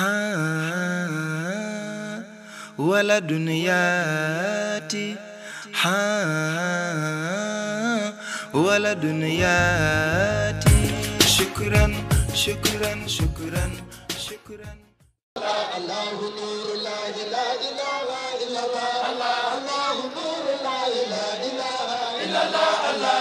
haa wala duniyaati haa wala duniyaati shukran shukran shukran shukran Allahu nuru la ilaha illa Allah Allahu nuru la ilaha illa Allah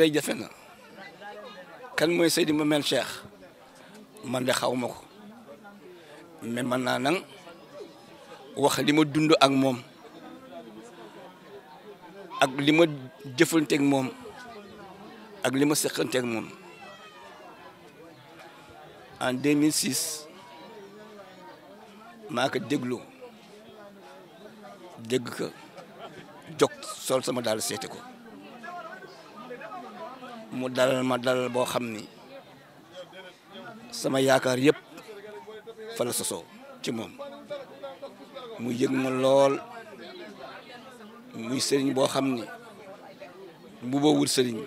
lay jafe na kan mooy Seydi Mamel Cheikh man de xaw ma ko mais man naa nang wax li ma dund ak moom ak li ma jëfanteeg moom ak li ma seqanteeg moom en 2006 maa ko déglu dégg ko jog sol sama daal seete ko mu dalal ma dalal boo xam ni sama yaakaar yëpp fa la ci moom mu yëg ma lool muy sëriñ boo xam ni bu boowul sëriñ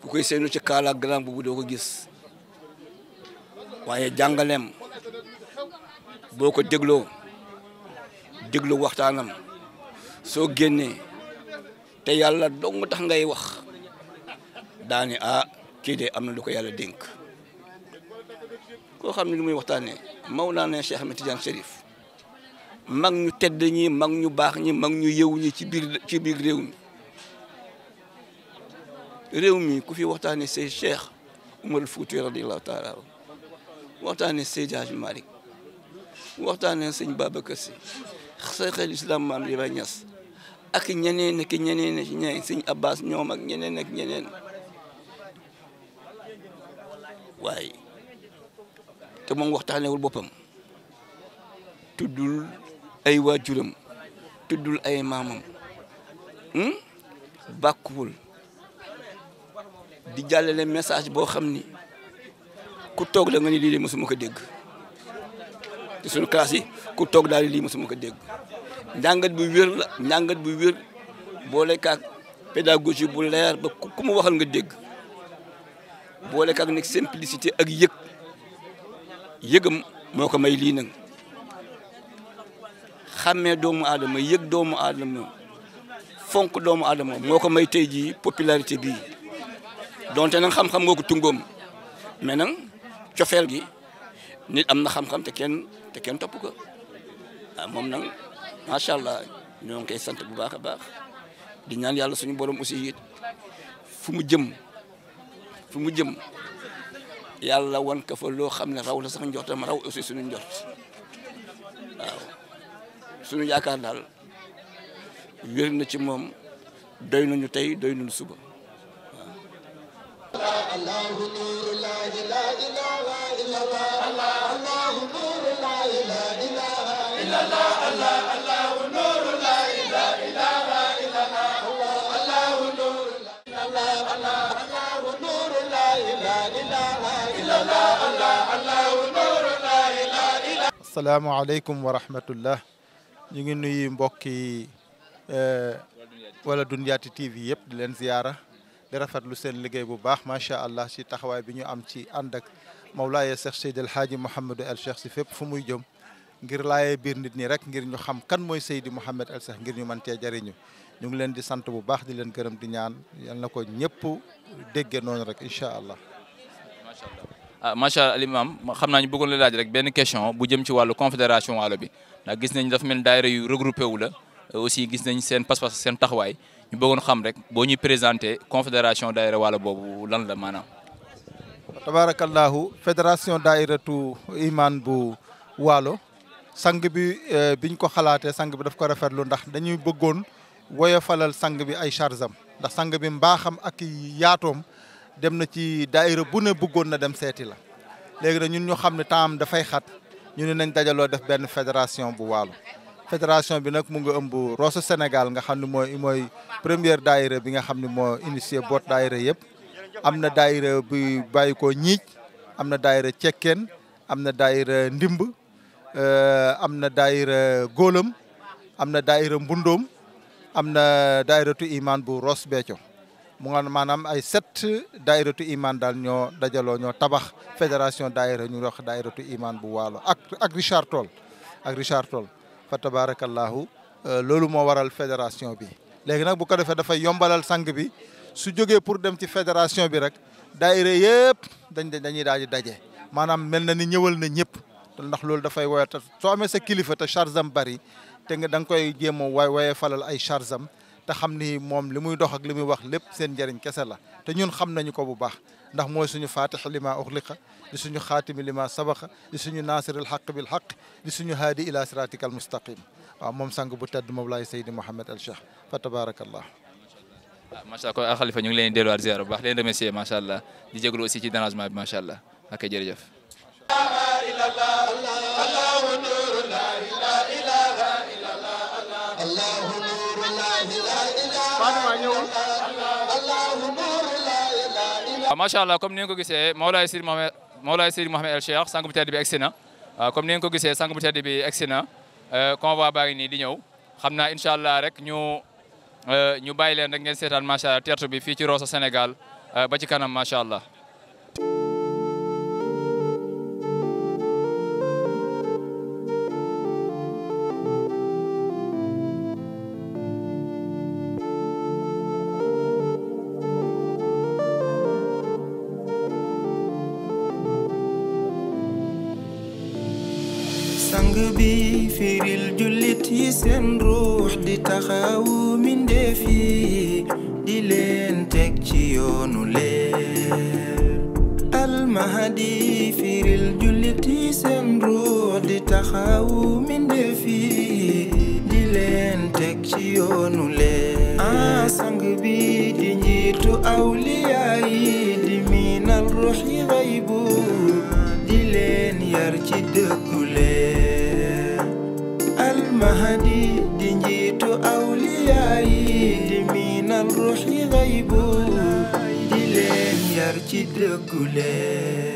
ku koy seenu ci kaala grand bu doo ko gis waaye jàngaleem boo ko dégloo déglu waxtaanam soo génnee te yàlla dong tax ngay wax daane ah kii de am na lu ko yàlla dénk koo xam ne lu muy waxtaanee Mawlaana Cheikh Ahmed Tidiane Chérif mag ñu tedd ñi mag ñu baax ñi mag ñu yeewu ñi ci biir ci biir réew mi réew mi ku fi waxtaanee say Cheikh Umar Fuuti radiyallahu taala waxtaanee Seydi Hadj Malick waxtaanee sëñ Babacar Sy Seexul Islaam Maam Ibrahima Ñas ak ñeneen ak ñeneen ak ñeneen sëñ Abbas ñoom ak ñeneen ak ñeneen. waaye te moom waxtaanewul boppam tuddul ay waajuram tuddul ay maamam hmm? bàkkuwul di jàlle jàllale message boo xam ni ku toog da nga ni lii de mosuma ko dégg te suñu classe yi ku toog daal lii mosuma ko dégg njàngat bu wér la njàngat bu wér boo lekkaak pédagogie bu leer ba ku mu waxal nga dégg boole ak nag simplicité ak yëg yëgam moo ko may lii xam xàmmee doomu aadama yëg doomu aadama fonk doomu aadama moo ko may tey jii popularité bii donte nag xam-xam nga ko tungoom mais nag cofeel gi nit am na xam-xam te kenn kenn topp ko ah moom nag macha allah ñoo ngi koy sant bu baax a baax di ñaan yàlla suñu borom aussi it fu mu jëm. fu mu jëm yàlla wan ko loo xam ne raw la sax njortam raw aussi suñu njort waaw suñu yaakaar daal wér na ci moom doy nañu tey doy nañu suba waaw asalaamaaleykum wa rahmatullah ñu ngi nuyu mbokki eh, wala dunyaati TV yëpp di leen ziyaara di rafetlu seen liggéey bu baax macha allah ci taxawaay bi ñu am ci ànd ak Mawlaaye Cheikh Seydi El Hadji Mouhamadou El Cheikh si fépp fu muy jëm ngir laayee biir nit ñi rek ngir ñu xam kan mooy Seydi Mouhamed El Cheikh ngir ñu mën cee jëriñu ñu ngi leen di sant bu baax di leen gërëm di ñaan yal na ko ñëpp dégge noonu rek incha allah. Ah, macha allah Imaam xam naa ñu bëggoon la laaj rek benn question bu jëm ci wàllu confédération waalo bi ndax gis nañ dafa mel daayira yu regroupé wu la euh, aussi gis nañ seen pas-pas seen taxawaay ñu bëggoon xam rek boo ñuy présenté confédération daayira waalo boobu lan la maanaam. tabarakallahu fédération daayiratu imaan bu waalo sang bi euh, biñ ko xalaatee sang bi daf ko rafetlu ndax dañuy bëggoon falal sang bi ay charge am ndax sang bi mbaaxam ak yaatoo dem na ci daayira bu ne buggoon na dem seeti la léegi nag ñun ñu xam ne temps dafay xat ñu ne nañ dajaloo def benn fédération bu waalo fédération bi nag mu nga ëmb Rosso Sénégal nga xam ne mooy mooy première daayira bi nga xam ne moo initié boot daayira yëpp am na daayira bi bàyyi ko ñiic am na daayira cekkeen am na daayira ndimb euh, am na daayira góolam am na daayira mbundoom am na daayiratu imaan bu Ross Béthio mu nga maanaam ay sept daayiratu iman daal ñoo dajaloo ñoo tabax fédération daayira ñu wax daayiratu iman bu waalo ak ak Richard Toll ak Richard Toll fa tabarakallahu euh, loolu moo waral fédération bi léegi nag bu ko defee dafay yombalal sang bi su jógee pour dem ci fédération bi rek daayira yëpp dañ dañuy daal di daje maanaam mel na ni ñëwal na ñëpp ndax loolu dafay woyata soo amee sa kilifa te charge am bari te nga da koy jéem a way waye falal ay charge am te xam ni moom li muy dox ak li muy wax lépp seen njëriñ kese la te ñun xam nañu ko bu baax ndax mooy suñu faatix lima uxliqa di suñu xaatimi lima sabaqa di suñu naasiril xaq bil xaq di suñu haadi ila siratika al mustaqim waaw moom sang bu tedd mawlaay saydi Mouhamed al Cheikh fa tabarakallah waaw ah, macha allah kon al xalifa ñu ngi leen di delluwaat ziar bu baax leen remercier macha allah di jégalu aussi ci dérangement bi macha allah ak waaw ah, macha allah comme ni nga ko gisee Mawlaay Sidi Mohamed Mawlaay Sidi Mohamed El Cheikh sang bu tedd bi egsi na ah, comme ni nga ko gisee sang bu tedd bi na eh, convoi baa ngi nii di ñëw xam naa incha allah rek ñu eh, ñu bàyyi leen rek seetaan macha allah teertu bi fii ci Rosso Sénégal eh, ba ci kanam macha allah. seen ruux di taxawu mindeef yi di leen teg ci yoonu leer almahadi firil jullit yi seen ruux di taxawu mindeef yi di leen teg ci yoonu leer ah sang bi di njiitu awliya dëggulee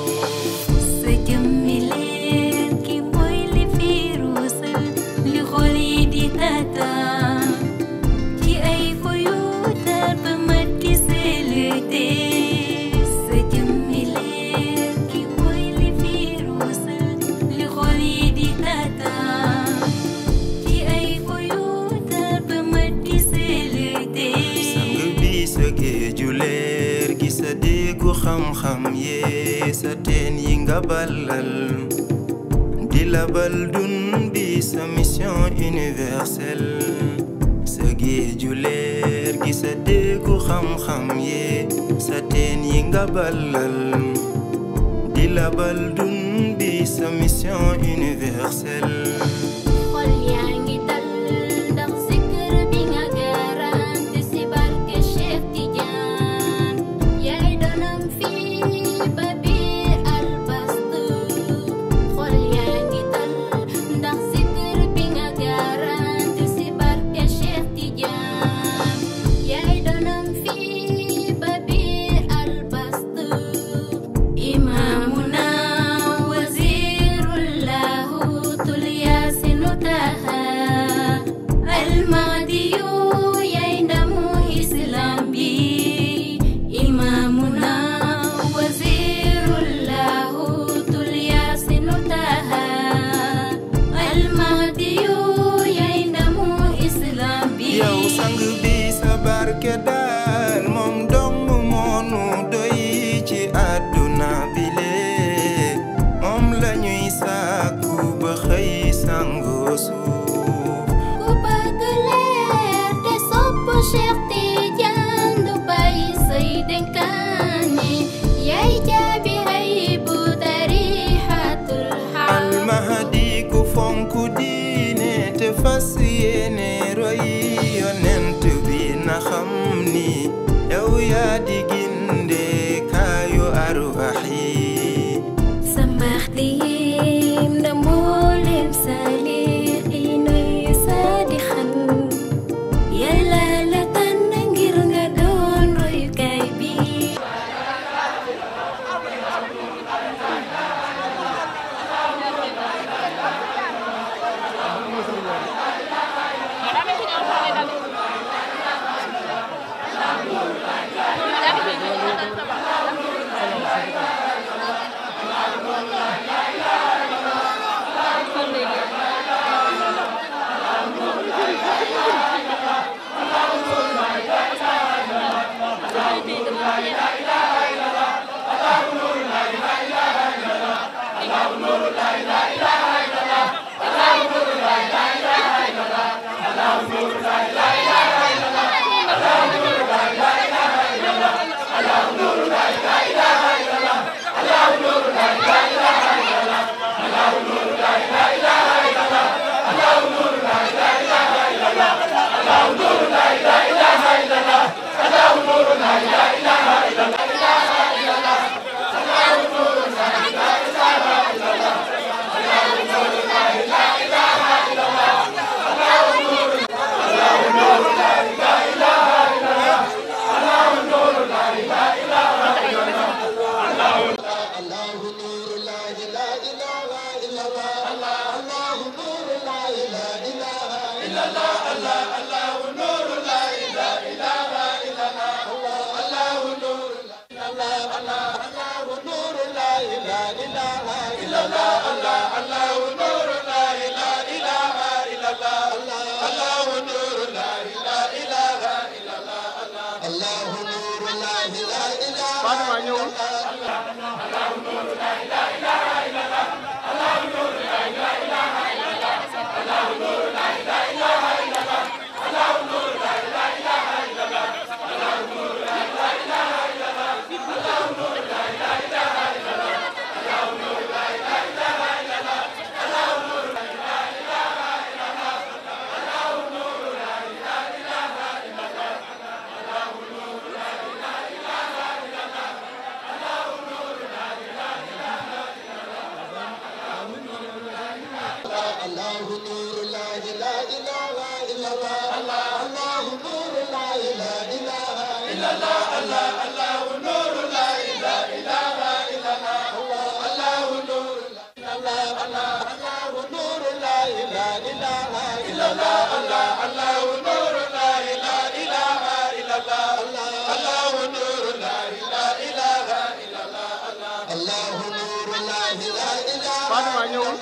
leer gi sa diggu xam-xam yee sa teen di labal dun bi sa mission universelle sa géeju leer gi sa diggu xam-xam yee sa teen yi nga balal di labal dun bi sa mission universelle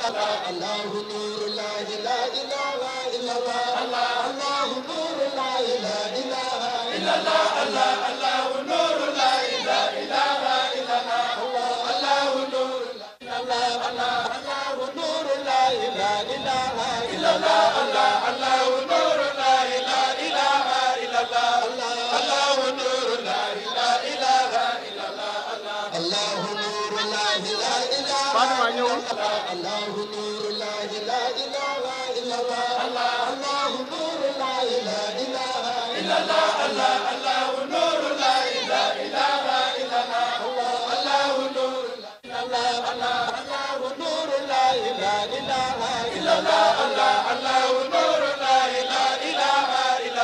الله الله نور الله لا إله إلا الله الله الله نور الله لا إله إلا الله الله الله نور الله الله نور لا إله إلا الله الله نور لا إله إلا الله الله نور لا إله إلا الله الله نور لا إله إلا الله نور لا إله إلا الله الله نور لا إله إلا الله الله نور لا إله إلا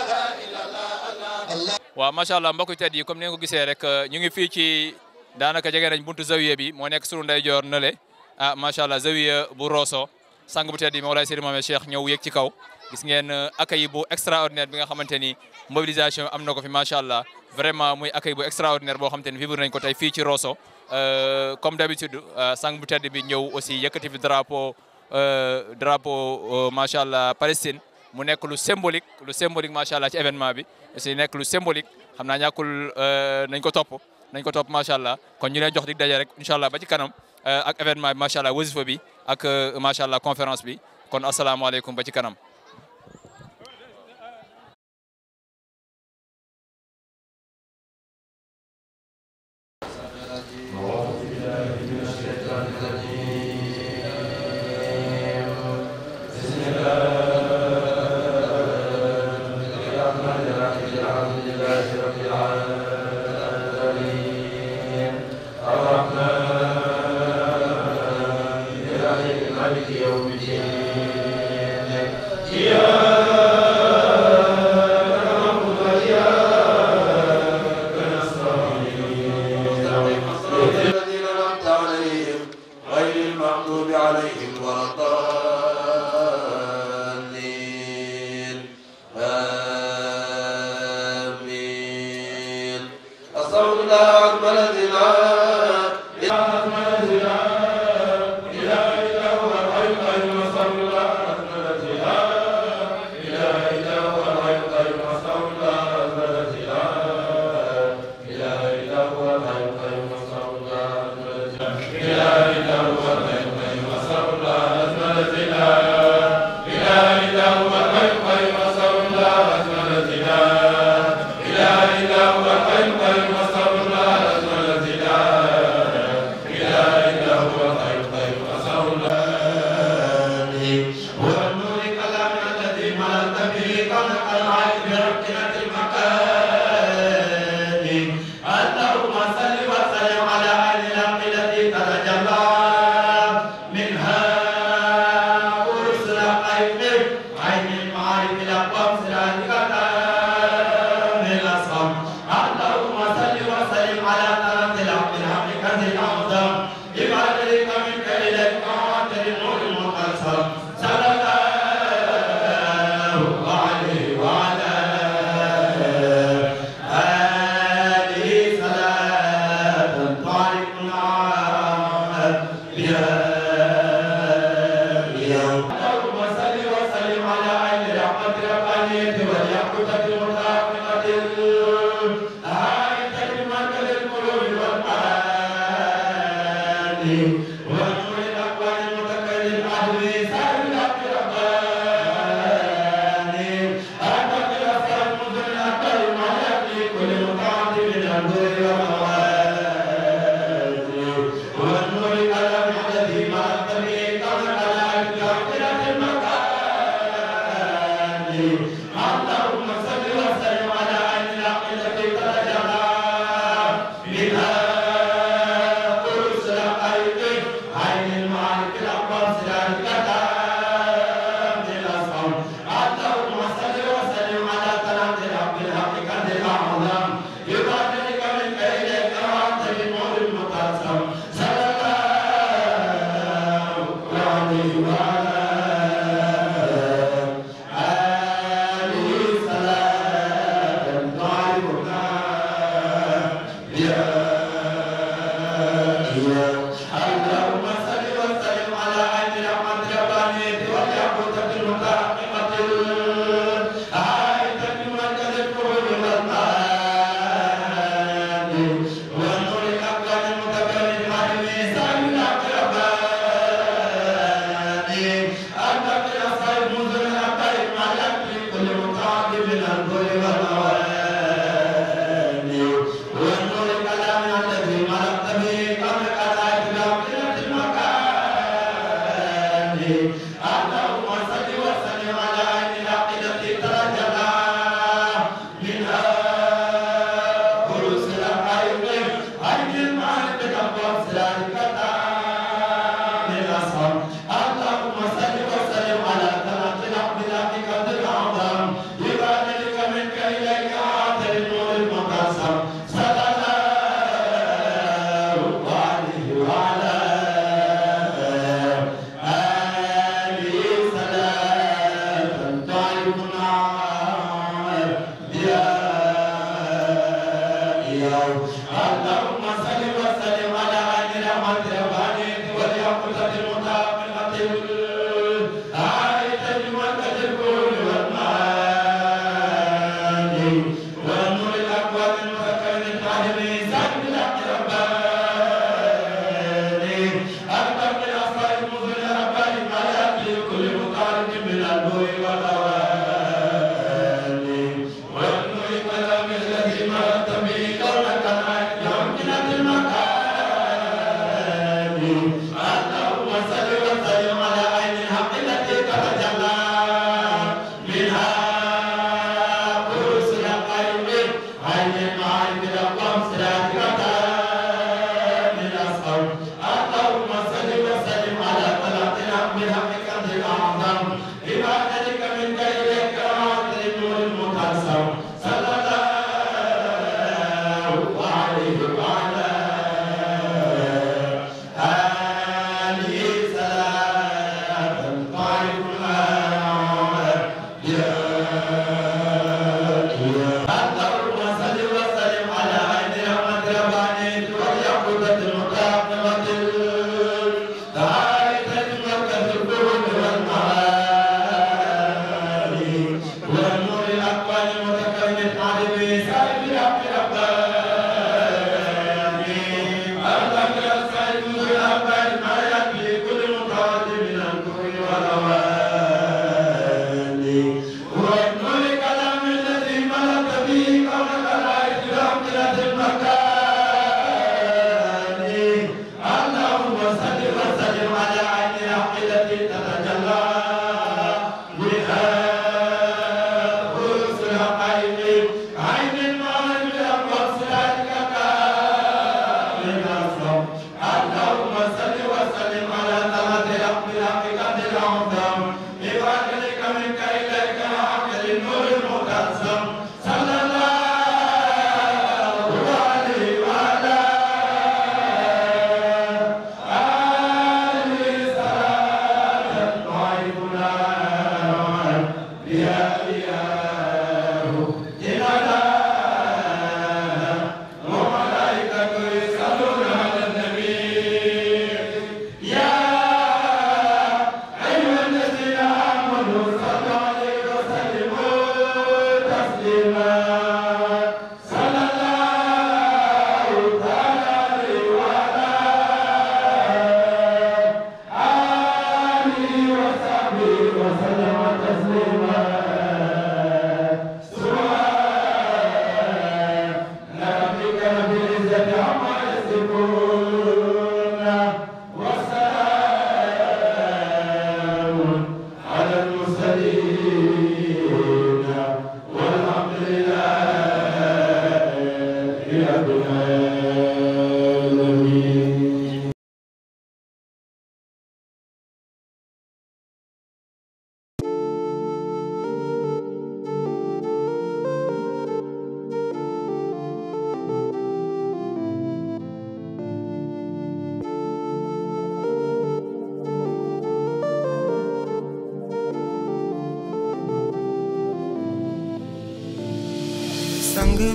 الله waaw macha allah mbokk tedd yi comme ni nga ko gisee rek ñu ngi fii ci daanaka jege nañ buntu zawiya bi moo nekk sunu ndeyjoor na le ah macha allah zawiya bu roso sang bu tedd bi Mawlaay Seydi Mame Cheikh ñëw yéeg ci kaw gis ngeen bo uh, bu extraordinaire bi nga xamante ni mobilisation am na ko fi macha allah vraiment muy accueil bu extraordinaire boo xamante ni vivre nañ ko tey fii ci Rosso uh, comme d'habitude uh, sang bu tedd bi ñëw aussi yëkkati fi drapeau drapeau macha allah Palestine mu nekk lu symbolique lu symbolique macha allah ci événement bi s nekk lu symbolique. xam naa ñàkkul euh, nañ ko topp nañ ko topp macha allah kon ñu leen jox dig daje rek incha allah ba ci kanam euh, ak événement bi macha allah wasifa bi ak euh, macha allah conférence bi kon asalaamaaleykum ba ci kanam. الله أكبر الله তারা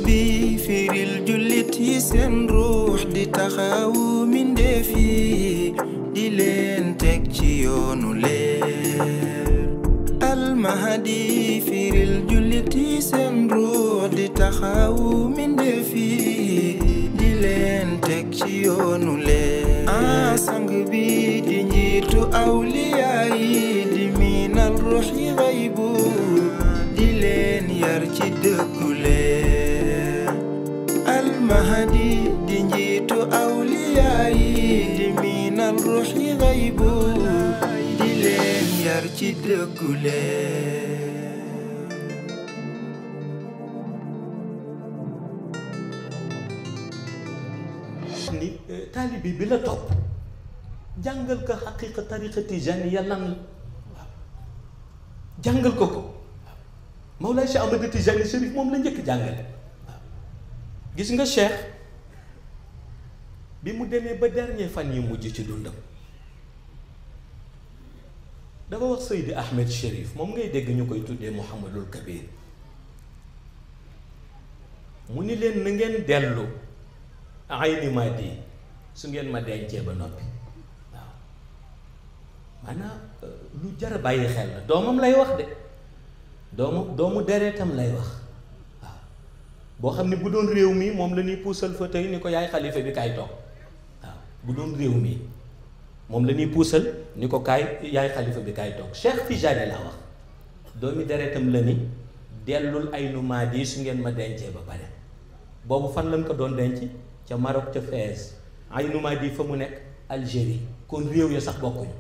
bi firil jullit seen ruux di taxawu mindeef yi di leen teg ci yoonu leer almahadi firil jullit seen ruux di taxawu mindeef yi di leen teg ci yoonu leer a sang bi di njiitu awli di di njiitu awliyaa yi di miinal ruuxi xaybu di leen yar ci dëggu ni eh, taalibi bi la topp jàngal ko xaqiqa tariqa tijaniya lan la waaw jàngal ko ko Mawlaay Cheikh Ahmad Tijani Chérif moom la njëkk jàngale gis nga Cheikh bi mu demee ba dernier fan yu mujj ci dundam dafa wax Seydi Ahmed Chérif moom ngay dégg ñu koy tuddee Mouhamadul Kabir mu ni leen na ngeen dellu ayni ma di su ngeen ma dencee ba noppi waaw maanaam euh, lu jar bàyyi xel la doomam lay wax de doomu doomu deretam lay wax waaw boo xam ne bu doon réew mi moom la ñuy puusal fa tey ni ko yaay xalifa bi kaay toog bu doon réew mi moom la ñuy puusal ni ko kaay yaay xalifa bi kaay toog Cheikh Tijani laa wax doomi deretam la ni dellul ay numaad yi su ngeen ma dencee ba pare boobu fan lañ ko doon denc ca Maroc ca Fès ay numaad fa mu nekk Algérie kon réew ya sax bokkuñu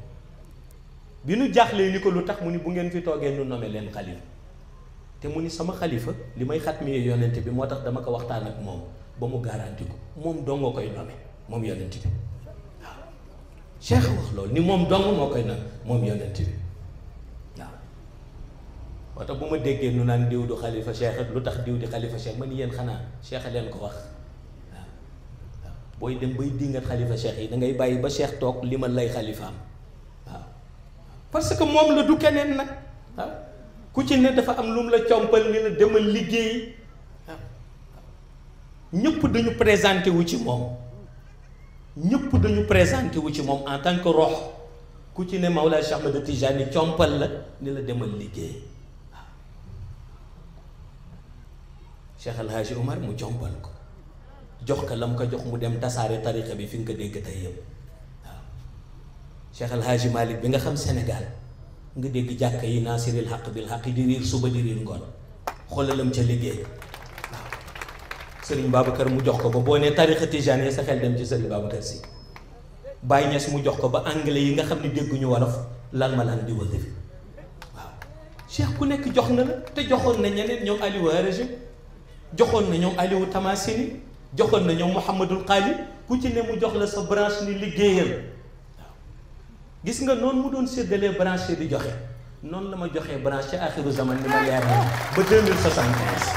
bi nu jaaxlee ni ko lu tax mu ni bu ngeen fi toogee nu nome leen xalifa te mu ni sama xalifa li may xat xatmee yonent bi moo tax dama ko waxtaan ak moom ba mu garanti ko moom doo nga koy nome moom yonent cheikh wax loolu ni moom dong moo koy nag moom yonent bi waaw moo tax bu ma déggee nu naan diw du xalifa cheikh lu tax diw di xalifa cheikh ma ni yéen xanaa cheikh leen ko wax waaw waaw booy dem bay dingat xalifa cheikh yi da ngay bàyyi ba cheikh toog li ma lay xalifaam waaw parce que moom la du keneen nag waaw ku ci ne dafa am lu mu la compal ni la demal liggéey ñëpp dañu présenté wu ci moom ñëpp dañu présenté wu ci moom en tant que rox ku ci ne Mawlaay Cheikh Ahmad Tijaani compal la ni la demal liggéey waaw Cheikh El mu compal ko jox ka la mu ko jox mu dem tasaare tariqa bi fi nga ko dégg tey yëpp waaw Cheikh El Hadji bi nga xam Sénégal nga dégg jàkka yi naasiril xaq bil xaq di riir suba di riir ngoon xoolalam ca liggéey sëriñ Babacar mu jox ko ba boo nee tarixa tijaane sa xel dem ci sëriñ Babacar si Baye Niass mu jox ko ba anglais yi nga xam ne dégguñu wolof lan ma lan di wëgg fi waaw cheikh ku nekk jox na la te joxoon na ñeneen ñoom Aliou Harajim joxoon na ñoom Aliou Tamasini joxoon na ñoom Mouhamadul Khali ku ci ne mu jox la sa branche ni liggéeyal gis nga noonu mu doon séddalee branche di joxe noonu la ma joxe branche ci axiru zaman ni ma leer na ba deux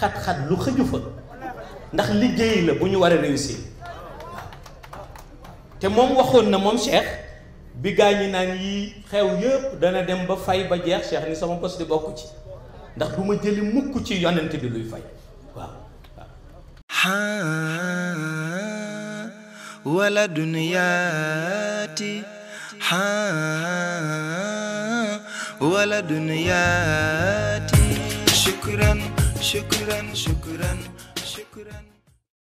xat-xat lu xëju fa ndax liggéey la bu ñu war a réussir te moom waxoon na moom Cheikh bi gaa ñi naan yi xew yépp dana dem ba fay ba jeex Cheikh ni sama poste bokk ci ndax du ma jëli mukk ci yonent bi luy fay waaw waaw wala duniyaati wala duniyaati shukran شكرا شكرا